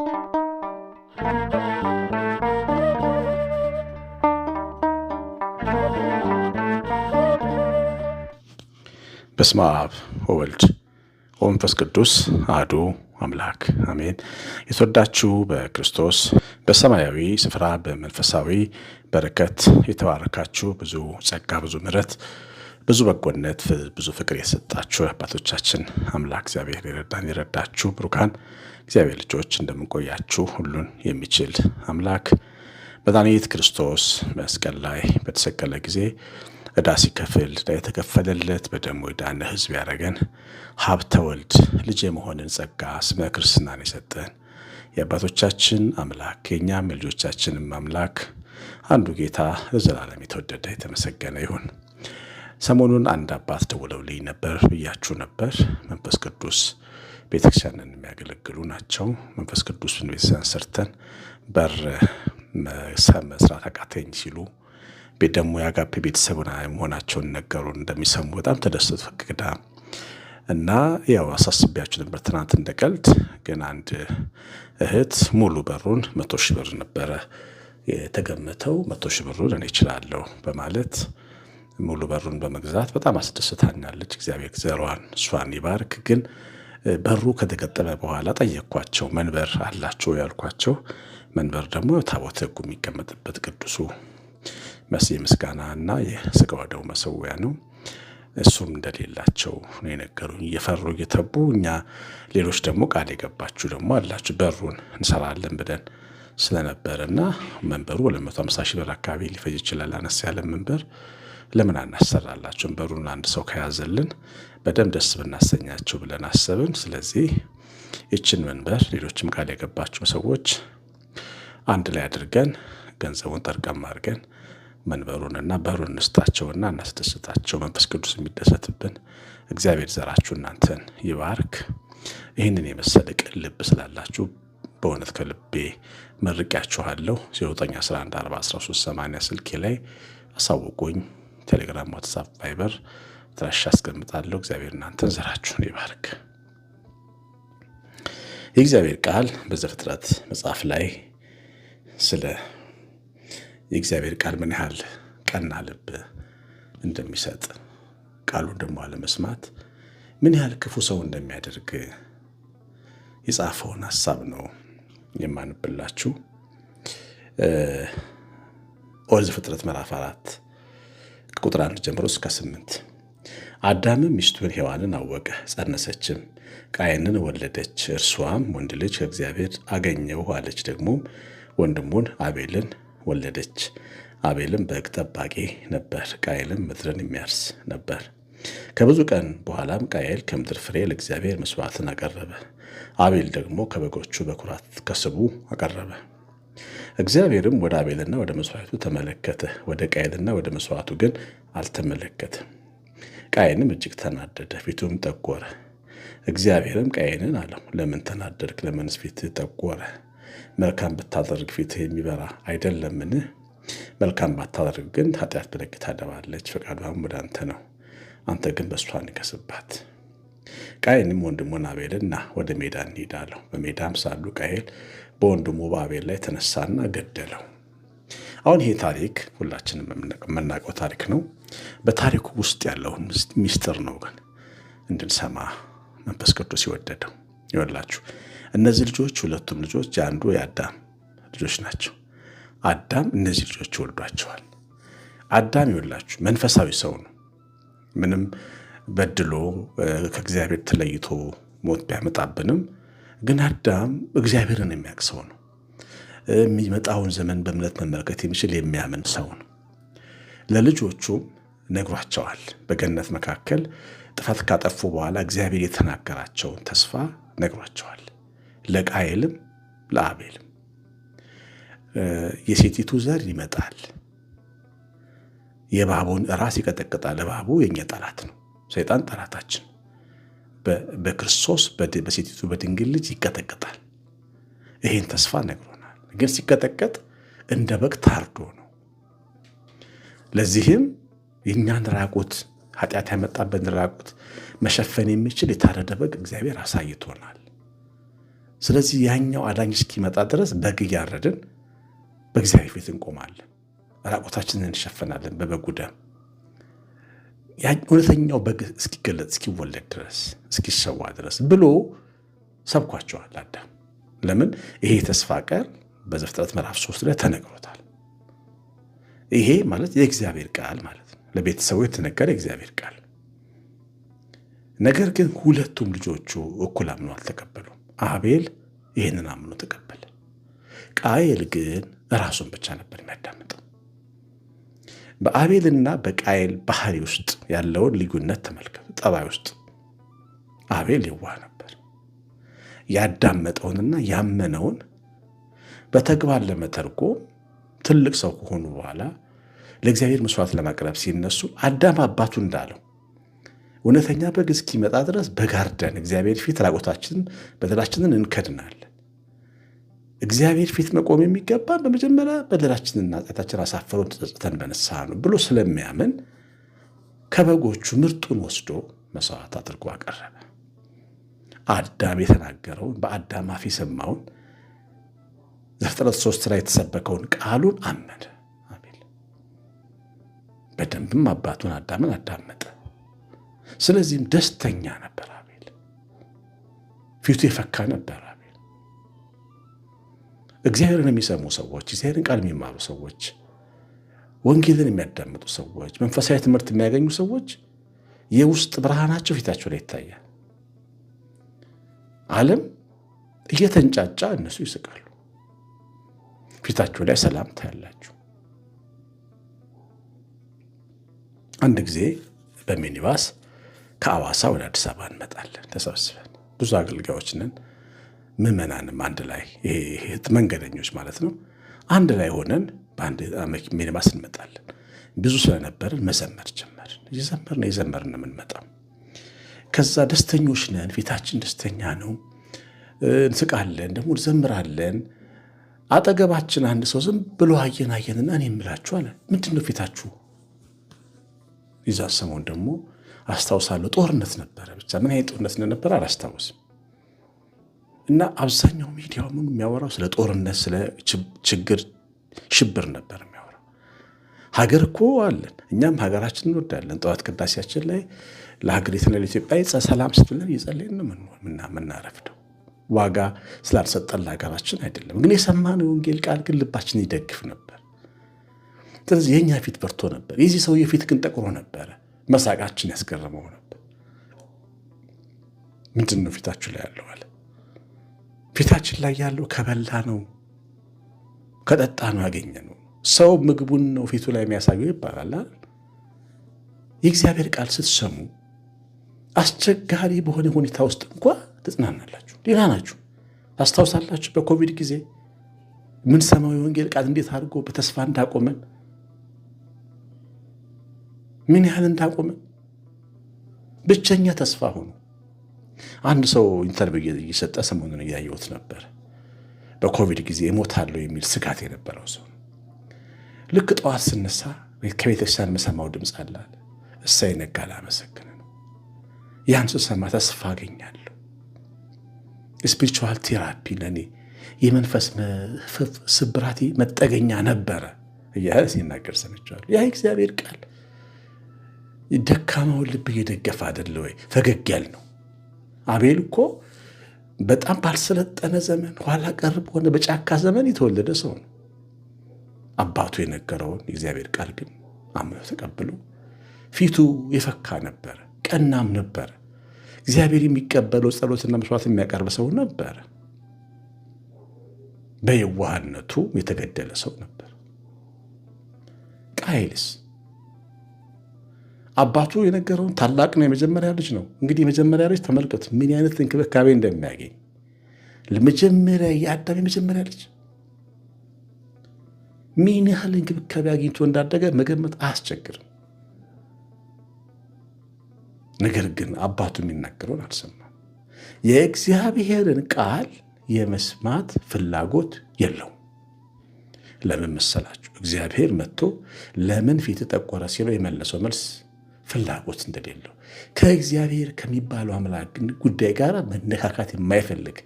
በስመ አብ ወወልድ ወመንፈስ ቅዱስ አሐዱ አምላክ አሜን። የተወዳችሁ በክርስቶስ በሰማያዊ ስፍራ በመንፈሳዊ በረከት የተባረካችሁ ብዙ ጸጋ ብዙ ምሕረት ብዙ በጎነት ብዙ ፍቅር የሰጣችሁ አባቶቻችን አምላክ እግዚአብሔር ይረዳን ይረዳችሁ። ብሩካን እግዚአብሔር ልጆች እንደምንቆያችሁ ሁሉን የሚችል አምላክ መድኃኒት ክርስቶስ መስቀል ላይ በተሰቀለ ጊዜ እዳ ሲከፍል ዕዳ የተከፈለለት በደሙ የዳነ ሕዝብ ያደረገን ሀብተ ወልድ ልጅ የመሆንን ጸጋ ስመ ክርስትናን የሰጠን የአባቶቻችን አምላክ የእኛም የልጆቻችንም አምላክ አንዱ ጌታ ለዘላለም የተወደደ የተመሰገነ ይሁን። ሰሞኑን አንድ አባት ደውለውልኝ ነበር ብያችሁ ነበር። መንፈስ ቅዱስ ቤተክርስቲያንን የሚያገለግሉ ናቸው። መንፈስ ቅዱስን ቤተክርስቲያን ሰርተን በር መስራት አቃተኝ ሲሉ ደግሞ የአጋፔ ቤተሰብ መሆናቸውን ነገሩ እንደሚሰሙ በጣም ተደሰት ፈቅዳ እና ያው አሳስቢያችሁ ነበር ትናንት እንደቀልድ ግን አንድ እህት ሙሉ በሩን መቶ ሺህ ብር ነበረ የተገመተው። መቶ ሺህ ብሩን እኔ እችላለሁ በማለት ሙሉ በሩን በመግዛት በጣም አስደስታኛለች። እግዚአብሔር ዘሯን እሷን ይባርክ። ግን በሩ ከተገጠመ በኋላ ጠየቅኳቸው፣ መንበር አላቸው ያልኳቸው። መንበር ደግሞ ታቦተ ሕጉ የሚቀመጥበት ቅዱሱ መስ ምስጋና እና የስጋወደው መሰዊያ ነው። እሱም እንደሌላቸው ነው የነገሩኝ። እየፈሩ እየተቡ እኛ ሌሎች ደግሞ ቃል የገባችሁ ደግሞ አላችሁ በሩን እንሰራለን ብለን እና መንበሩ 250 ሺህ ብር አካባቢ ሊፈጅ ይችላል። አነስ ያለ መንበር ለምን አናሰራላቸውም? በሩን አንድ ሰው ከያዘልን በደንብ ደስ ብናሰኛቸው ብለን አሰብን። ስለዚህ ይችን መንበር ሌሎችም ቃል የገባቸው ሰዎች አንድ ላይ አድርገን ገንዘቡን ጠርቀም አድርገን መንበሩንና በሩን እንስጣቸውና እናስደስታቸው። መንፈስ ቅዱስ የሚደሰትብን እግዚአብሔር ዘራችሁ እናንተን ይባርክ። ይህንን የመሰለ ቅን ልብ ስላላችሁ በእውነት ከልቤ መርቂያችኋለሁ። 09114138 ስልኬ ላይ አሳውቁኝ። ቴሌግራም፣ ዋትሳፕ፣ ቫይበር ትራሽ አስቀምጣለሁ። እግዚአብሔር እናንተን ዘራችሁን ይባርክ። የእግዚአብሔር ቃል በዘፍጥረት መጽሐፍ ላይ ስለ የእግዚአብሔር ቃል ምን ያህል ቀና ልብ እንደሚሰጥ ቃሉን ደግሞ አለመስማት ምን ያህል ክፉ ሰው እንደሚያደርግ የጻፈውን ሀሳብ ነው የማንብላችሁ። ኦሪት ዘፍጥረት ምዕራፍ አራት ቁጥር አንድ ጀምሮ እስከ ስምንት አዳምም ሚስቱን ሔዋንን አወቀ፣ ጸነሰችም፣ ቃየንን ወለደች። እርሷም ወንድ ልጅ ከእግዚአብሔር አገኘው አለች። ደግሞ ወንድሙን አቤልን ወለደች። አቤልም በግ ጠባቂ ነበር፣ ቃየልም ምድርን የሚያርስ ነበር። ከብዙ ቀን በኋላም ቃየል ከምድር ፍሬ ለእግዚአብሔር መስዋዕትን አቀረበ። አቤል ደግሞ ከበጎቹ በኩራት ከስቡ አቀረበ። እግዚአብሔርም ወደ አቤልና ወደ መስዋዕቱ ተመለከተ፣ ወደ ቃየልና ወደ መስዋዕቱ ግን አልተመለከተ። ቃየንም እጅግ ተናደደ፣ ፊቱም ጠቆረ። እግዚአብሔርም ቃየንን አለው፣ ለምን ተናደድክ? ለምንስ ፊት ጠቆረ? መልካም ብታደርግ ፊት የሚበራ አይደለምን? መልካም ባታደርግ ግን ኃጢአት በደጅ ታደባለች፣ ፈቃዷም ወደ አንተ ነው። አንተ ግን በእሷ ንገስባት። ቃየንም ወንድሙን አቤልን ና ወደ ሜዳ እንሄዳለሁ። በሜዳም ሳሉ ቃየል በወንድሙ በአቤል ላይ ተነሳና ገደለው። አሁን ይሄ ታሪክ ሁላችንም የምናውቀው ታሪክ ነው። በታሪኩ ውስጥ ያለውን ሚስጥር ነው ግን እንድንሰማ መንፈስ ቅዱስ ይወደደው። ይወላችሁ እነዚህ ልጆች ሁለቱም ልጆች የአንዱ የአዳም ልጆች ናቸው። አዳም እነዚህ ልጆች ይወልዷቸዋል። አዳም ይወላችሁ መንፈሳዊ ሰው ነው። ምንም በድሎ ከእግዚአብሔር ተለይቶ ሞት ቢያመጣብንም ግን አዳም እግዚአብሔርን የሚያውቅ ሰው ነው። የሚመጣውን ዘመን በእምነት መመልከት የሚችል የሚያምን ሰው ነው። ለልጆቹ ነግሯቸዋል። በገነት መካከል ጥፋት ካጠፉ በኋላ እግዚአብሔር የተናገራቸውን ተስፋ ነግሯቸዋል። ለቃየልም ለአቤልም የሴቲቱ ዘር ይመጣል፣ የእባቡን ራስ ይቀጠቅጣል። እባቡ የኛ ጠላት ነው። ሰይጣን ጠላታችን በክርስቶስ በሴቲቱ በድንግል ልጅ ይቀጠቀጣል። ይህን ተስፋ ነግሮናል። ግን ሲቀጠቀጥ እንደ በግ ታርዶ ነው። ለዚህም የእኛን ራቁት ኃጢአት ያመጣበትን ራቁት መሸፈን የሚችል የታረደ በግ እግዚአብሔር አሳይቶናል። ስለዚህ ያኛው አዳኝ እስኪመጣ ድረስ በግ እያረድን በእግዚአብሔር ፊት እንቆማለን። ራቁታችንን እንሸፈናለን በበጉ ደም። እውነተኛው በግ እስኪገለጥ እስኪወለድ ድረስ እስኪሰዋ ድረስ ብሎ ሰብኳቸዋል። አዳም ለምን ይሄ ተስፋ ቃል በዘፍጥረት ምዕራፍ ሶስት ላይ ተነግሮታል። ይሄ ማለት የእግዚአብሔር ቃል ማለት ነው። ለቤተሰቡ የተነገረ የእግዚአብሔር ቃል። ነገር ግን ሁለቱም ልጆቹ እኩል አምኖ አልተቀበሉም። አቤል ይህንን አምኖ ተቀበለ። ቃየል ግን ራሱን ብቻ ነበር የሚያዳምጠው። በአቤልና በቃየል ባህሪ ውስጥ ያለውን ልዩነት ተመልከቱ። ጠባይ ውስጥ አቤል የዋህ ነበር። ያዳመጠውንና ያመነውን በተግባር ለመተርጎም ትልቅ ሰው ከሆኑ በኋላ ለእግዚአብሔር መስዋዕት ለማቅረብ ሲነሱ አዳም አባቱ እንዳለው እውነተኛ በግ እስኪመጣ ድረስ በጋርደን እግዚአብሔር ፊት ራቆታችንን በደላችንን እንከድናለን። እግዚአብሔር ፊት መቆም የሚገባ በመጀመሪያ በደላችንና ኃጢአታችን አሳፈረን ተጸጽተን በንስሐ ነው ብሎ ስለሚያምን ከበጎቹ ምርጡን ወስዶ መስዋዕት አድርጎ አቀረበ። አዳም የተናገረውን በአዳም አፍ የሰማውን ዘፍጥረት ሶስት ላይ የተሰበከውን ቃሉን አመነ። አቤል በደንብም አባቱን አዳምን አዳመጠ። ስለዚህም ደስተኛ ነበር። አቤል ፊቱ የፈካ ነበረ። እግዚአብሔርን የሚሰሙ ሰዎች፣ እግዚአብሔርን ቃል የሚማሩ ሰዎች፣ ወንጌልን የሚያዳምጡ ሰዎች፣ መንፈሳዊ ትምህርት የሚያገኙ ሰዎች የውስጥ ብርሃናቸው ፊታቸው ላይ ይታያል። ዓለም እየተንጫጫ እነሱ ይስቃሉ። ፊታቸው ላይ ሰላም ታያላችሁ። አንድ ጊዜ በሚኒባስ ከአዋሳ ወደ አዲስ አበባ እንመጣለን ተሰብስበን ብዙ አገልጋዮች ነን። ምዕመናንም አንድ ላይ ይሄ መንገደኞች ማለት ነው አንድ ላይ ሆነን በአንድ ሚኒባስ እንመጣለን። ብዙ ስለነበርን መዘመር ጀመርን። እየዘመርን እየዘመርን የምንመጣው ከዛ ደስተኞች ነን፣ ፊታችን ደስተኛ ነው፣ እንስቃለን፣ ደግሞ እንዘምራለን። አጠገባችን አንድ ሰው ዝም ብሎ አየን አየንና እኔ የምላችሁ አለ ምንድን ነው ፊታችሁ? ይዛ ሰሞን ደግሞ አስታውሳለሁ ጦርነት ነበረ። ብቻ ምን አይነት ጦርነት እንደነበረ አላስታውስም። እና አብዛኛው ሚዲያ ምኑ የሚያወራው ስለ ጦርነት፣ ስለ ችግር፣ ሽብር ነበር የሚያወራው። ሀገር እኮ አለን፣ እኛም ሀገራችን እንወዳለን። ጠዋት ቅዳሴያችን ላይ ለሀገሪቱና ለኢትዮጵያ ሰላም ስትለን እየጸለይን የምናረፍደው ዋጋ ስላልሰጠን ለሀገራችን አይደለም። ግን የሰማነው የወንጌል ቃል ግን ልባችን ይደግፍ ነበር። ስለዚህ የእኛ ፊት በርቶ ነበር። የዚህ ሰውዬ ፊት ግን ጠቁሮ ነበረ። መሳቃችን ያስገረመው ነበር። ምንድን ነው ፊታችሁ ላይ ያለዋል? ፊታችን ላይ ያለው ከበላ ነው ከጠጣ ነው ያገኘ ነው። ሰው ምግቡን ነው ፊቱ ላይ የሚያሳየው ይባላል። የእግዚአብሔር ቃል ስትሰሙ አስቸጋሪ በሆነ ሁኔታ ውስጥ እንኳ ትጽናናላችሁ። ሌላ ናችሁ። ታስታውሳላችሁ፣ በኮቪድ ጊዜ ምን የምንሰማው የወንጌል ቃል እንዴት አድርጎ በተስፋ እንዳቆመን ምን ያህል እንዳቆመን ብቸኛ ተስፋ ሆኖ አንድ ሰው ኢንተርቪው እየሰጠ ሰሞኑን እያየሁት ነበር። በኮቪድ ጊዜ እሞታለሁ የሚል ስጋት የነበረው ሰው ልክ ጠዋት ስነሳ ከቤተክርስቲያን የምሰማው ድምፅ አላል እሳ ይነጋል አመሰግን ነው። ያን ስሰማ ተስፋ አገኛለሁ። ስፒሪቹዋል ቴራፒ ለእኔ የመንፈስ ስብራት መጠገኛ ነበረ እያለ ሲናገር ሰምቼዋለሁ። ያ እግዚአብሔር ቃል ደካማውን ልብ እየደገፈ አይደለ ወይ? ፈገግ ያል ነው አቤል እኮ በጣም ባልሰለጠነ ዘመን ኋላ ቀር በሆነ በጫካ ዘመን የተወለደ ሰው ነው። አባቱ የነገረውን የእግዚአብሔር ቃል ግን አምነው ተቀብሎ ፊቱ የፈካ ነበረ፣ ቀናም ነበረ። እግዚአብሔር የሚቀበለው ጸሎትና መስዋዕት የሚያቀርብ ሰው ነበረ። በየዋህነቱ የተገደለ ሰው ነበር። ቃይልስ አባቱ የነገረውን ታላቅ ነው። የመጀመሪያ ልጅ ነው። እንግዲህ የመጀመሪያ ልጅ ተመልከት ምን አይነት እንክብካቤ እንደሚያገኝ ለመጀመሪያ የአዳም የመጀመሪያ ልጅ ምን ያህል እንክብካቤ አግኝቶ እንዳደገ መገመት አያስቸግርም። ነገር ግን አባቱ የሚናገረውን አልሰማም። የእግዚአብሔርን ቃል የመስማት ፍላጎት የለውም። ለምን መሰላችሁ? እግዚአብሔር መጥቶ ለምን ፊት ጠቆረ ሲለው የመለሰው መልስ ፍላጎት እንደሌለው ከእግዚአብሔር ከሚባለው አምላክ ጉዳይ ጋር መነካካት የማይፈልግ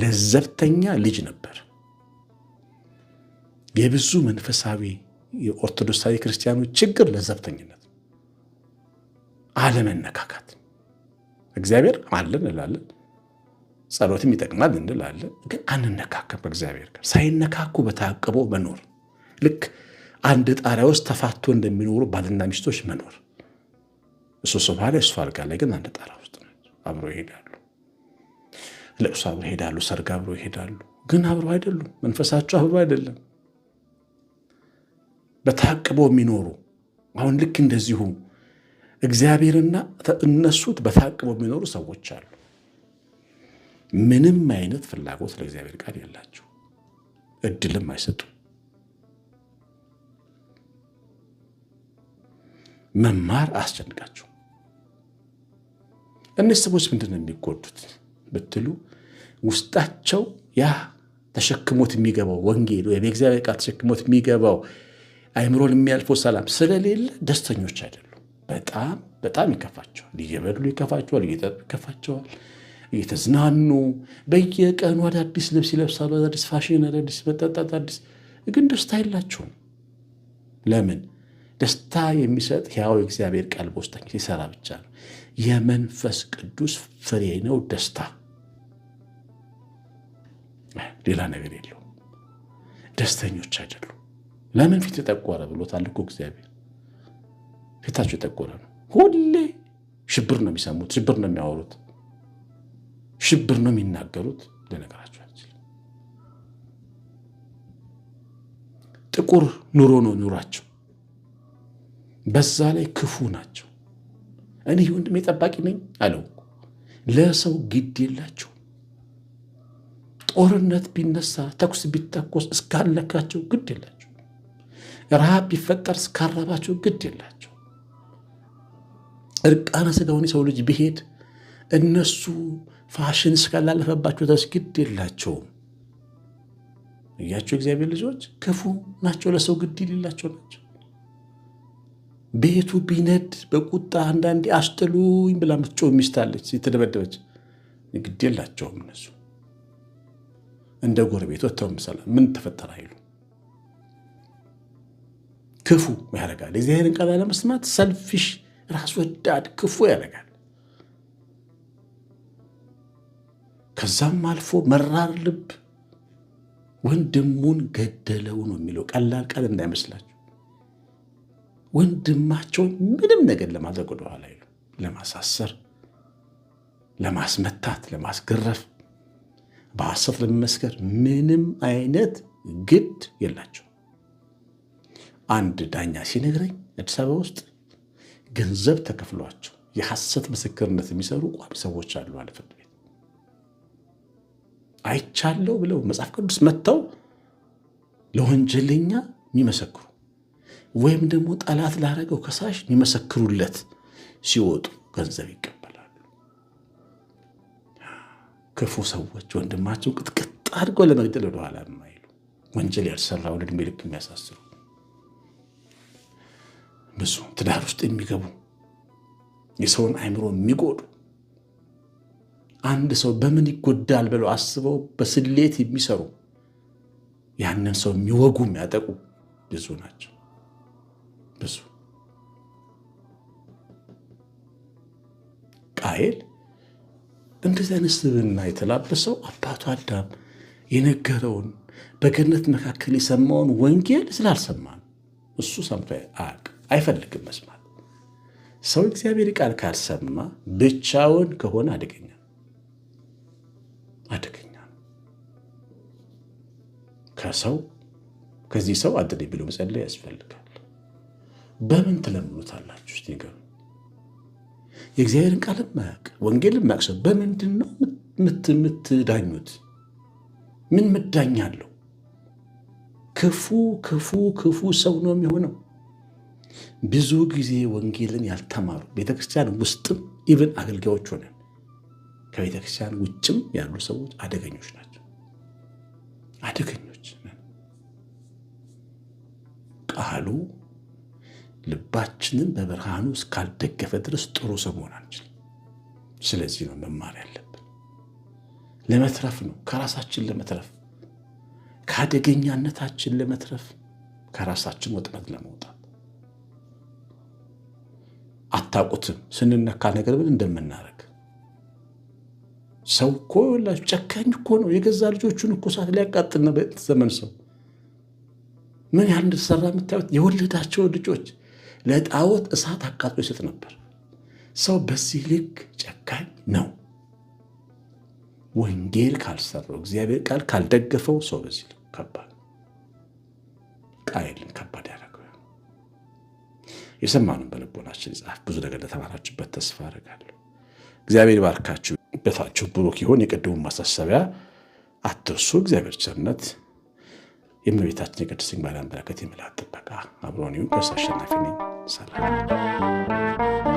ለዘብተኛ ልጅ ነበር። የብዙ መንፈሳዊ የኦርቶዶክሳዊ ክርስቲያኖች ችግር ለዘብተኝነት፣ አለመነካካት። እግዚአብሔር አለን እላለን፣ ጸሎትም ይጠቅማል እንላለን፣ ግን አንነካከም። በእግዚአብሔር ጋር ሳይነካኩ በታቅቦ መኖር ልክ አንድ ጣሪያ ውስጥ ተፋቶ እንደሚኖሩ ባልና ሚስቶች መኖር እሱ ሶማሌ እሱ አልጋ ላይ ግን አንድ ጣራ ውስጥ አብሮ ይሄዳሉ። ለቅሶ አብሮ ይሄዳሉ። ሰርግ አብሮ ይሄዳሉ። ግን አብሮ አይደሉም። መንፈሳቸው አብሮ አይደለም። በታቅበው የሚኖሩ አሁን ልክ እንደዚሁ እግዚአብሔርና እነሱት በታቅበው የሚኖሩ ሰዎች አሉ። ምንም አይነት ፍላጎት ለእግዚአብሔር ቃል የላቸው፣ እድልም አይሰጡም። መማር አስጨንቃቸው እነዚህ ሰዎች ምንድን ነው የሚጎዱት ብትሉ ውስጣቸው ያ ተሸክሞት የሚገባው ወንጌል ወይም የእግዚአብሔር ቃል ተሸክሞት የሚገባው አይምሮን የሚያልፈው ሰላም ስለሌለ ደስተኞች አይደሉም። በጣም በጣም ይከፋቸዋል። እየበሉ ይከፋቸዋል፣ እየጠጡ ይከፋቸዋል፣ እየተዝናኑ በየቀኑ አዳዲስ ልብስ ይለብሳሉ፣ አዳዲስ ፋሽን፣ አዳዲስ መጠጣት፣ አዲስ ግን ደስታ የላቸውም። ለምን? ደስታ የሚሰጥ ያው እግዚአብሔር ቃል በውስጣ ሲሰራ ብቻ ነው። የመንፈስ ቅዱስ ፍሬ ነው ደስታ። ሌላ ነገር የለው። ደስተኞች አይደሉ። ለምን ፊት የጠቆረ ብሎታል እኮ እግዚአብሔር። ፊታቸው የጠቆረ ነው። ሁሌ ሽብር ነው የሚሰሙት፣ ሽብር ነው የሚያወሩት፣ ሽብር ነው የሚናገሩት። ለነገራቸው አይችልም። ጥቁር ኑሮ ነው ኑሯቸው። በዛ ላይ ክፉ ናቸው። እኔ ወንድሜ ጠባቂ ነኝ አለው። ለሰው ግድ የላቸው። ጦርነት ቢነሳ ተኩስ ቢተኮስ እስካለካቸው ግድ የላቸው። ረሃብ ቢፈጠር እስካረባቸው ግድ የላቸው። እርቃነ ስጋውን የሰው ልጅ ቢሄድ እነሱ ፋሽን እስካላለፈባቸው ድረስ ግድ የላቸውም። እያቸው እግዚአብሔር ልጆች ክፉ ናቸው። ለሰው ግድ የሌላቸው ናቸው። ቤቱ ቢነድ በቁጣ አንዳንዴ አስጥሉኝ ብላ ምትጮ ሚስታለች የተደበደበች። ግድ የላቸውም እነሱ እንደ ጎረቤት ወጥተው ምሳሌ ምን ተፈጠረ አይሉ ክፉ ያደርጋል። የእግዚአብሔርን ቃል ያለመስማት ሰልፊሽ፣ ራስ ወዳድ ክፉ ያደርጋል። ከዛም አልፎ መራር ልብ ወንድሙን ገደለው ነው የሚለው። ቀላል ቃል እንዳይመስላችሁ ወንድማቸውን ምንም ነገር ለማድረግ ወደኋላ አይሉ። ለማሳሰር፣ ለማስመታት፣ ለማስገረፍ፣ በሐሰት ለመመስከር ምንም አይነት ግድ የላቸው። አንድ ዳኛ ሲነግረኝ አዲስ አበባ ውስጥ ገንዘብ ተከፍሏቸው የሐሰት ምስክርነት የሚሰሩ ቋሚ ሰዎች አሉ አለ ፍርድ ቤት። አይቻለው ብለው መጽሐፍ ቅዱስ መጥተው ለወንጀለኛ የሚመሰክሩ ወይም ደግሞ ጠላት ላረገው ከሳሽ ሊመሰክሩለት ሲወጡ ገንዘብ ይቀበላሉ። ክፉ ሰዎች ወንድማቸው ቅጥቅጥ አድርገው ለመግደል ወደኋላ የማይሉ ወንጀል ያልሰራውን ዕድሜ ልክ የሚያሳስሩ ብዙ ትዳር ውስጥ የሚገቡ የሰውን አይምሮ የሚጎዱ አንድ ሰው በምን ይጎዳል ብለው አስበው በስሌት የሚሰሩ ያንን ሰው የሚወጉ የሚያጠቁ ብዙ ናቸው። ብዙ። ቃየል እንደዚህ አይነት ስብዕና የተላበሰው አባቱ አዳም የነገረውን በገነት መካከል የሰማውን ወንጌል ስላልሰማ ነው። እሱ ሰምቶ አይፈልግም መስማት። ሰው እግዚአብሔር ቃል ካልሰማ ብቻውን ከሆነ አደገኛ አደገኛ ከሰው ከዚህ ሰው አድነኝ ብሎ መጸለይ ያስፈልጋል። በምን ትለምኑታላችሁ? ስ ንገሩኝ። የእግዚአብሔርን ቃል ማያቅ ወንጌል ማያቅ ሰው በምንድን ነው የምትዳኙት? ምን ምዳኛ አለው? ክፉ ክፉ ክፉ ሰው ነው የሚሆነው። ብዙ ጊዜ ወንጌልን ያልተማሩ ቤተክርስቲያን ውስጥም ኢብን አገልጋዮች ሆነን ከቤተክርስቲያን ውጭም ያሉ ሰዎች አደገኞች ናቸው። አደገኞች ቃሉ ልባችንን በብርሃኑ እስካልደገፈ ድረስ ጥሩ ሰው መሆን አንችልም። ስለዚህ ነው መማር ያለብን። ለመትረፍ ነው፣ ከራሳችን ለመትረፍ፣ ከአደገኛነታችን ለመትረፍ፣ ከራሳችን ወጥመድ ለመውጣት። አታውቁትም ስንነካ ነገር ምን እንደምናደርግ ሰው እኮ ጨካኝ እኮ ነው። የገዛ ልጆቹን እኮ እሳት ሊያቃጥል ነው። ዘመን ሰው ምን ያህል እንደተሰራ የምታዩት የወለዳቸውን ልጆች ለጣዖት እሳት አቃጥሎ ይሰጥ ነበር። ሰው በዚህ ልክ ጨካኝ ነው። ወንጌል ካልሰራው እግዚአብሔር ቃል ካልደገፈው ሰው በዚህ ልክ ከባድ ቃልን ከባድ ያደረገው የሰማንም በልቦናችን ጻፍ ብዙ ነገር ለተማራችሁበት ተስፋ አደርጋለሁ። እግዚአብሔር ባርካችሁ። ቤታችሁ ብሩክ ይሆን። የቀደሙን ማሳሰቢያ አትርሱ። እግዚአብሔር ቸርነት የእመቤታችን የቅድስት ድንግል ማርያም በረከት የመላእክት ጥበቃ አብሮን ይሁን። ቀሲስ አሸናፊ ነኝ። ሰላም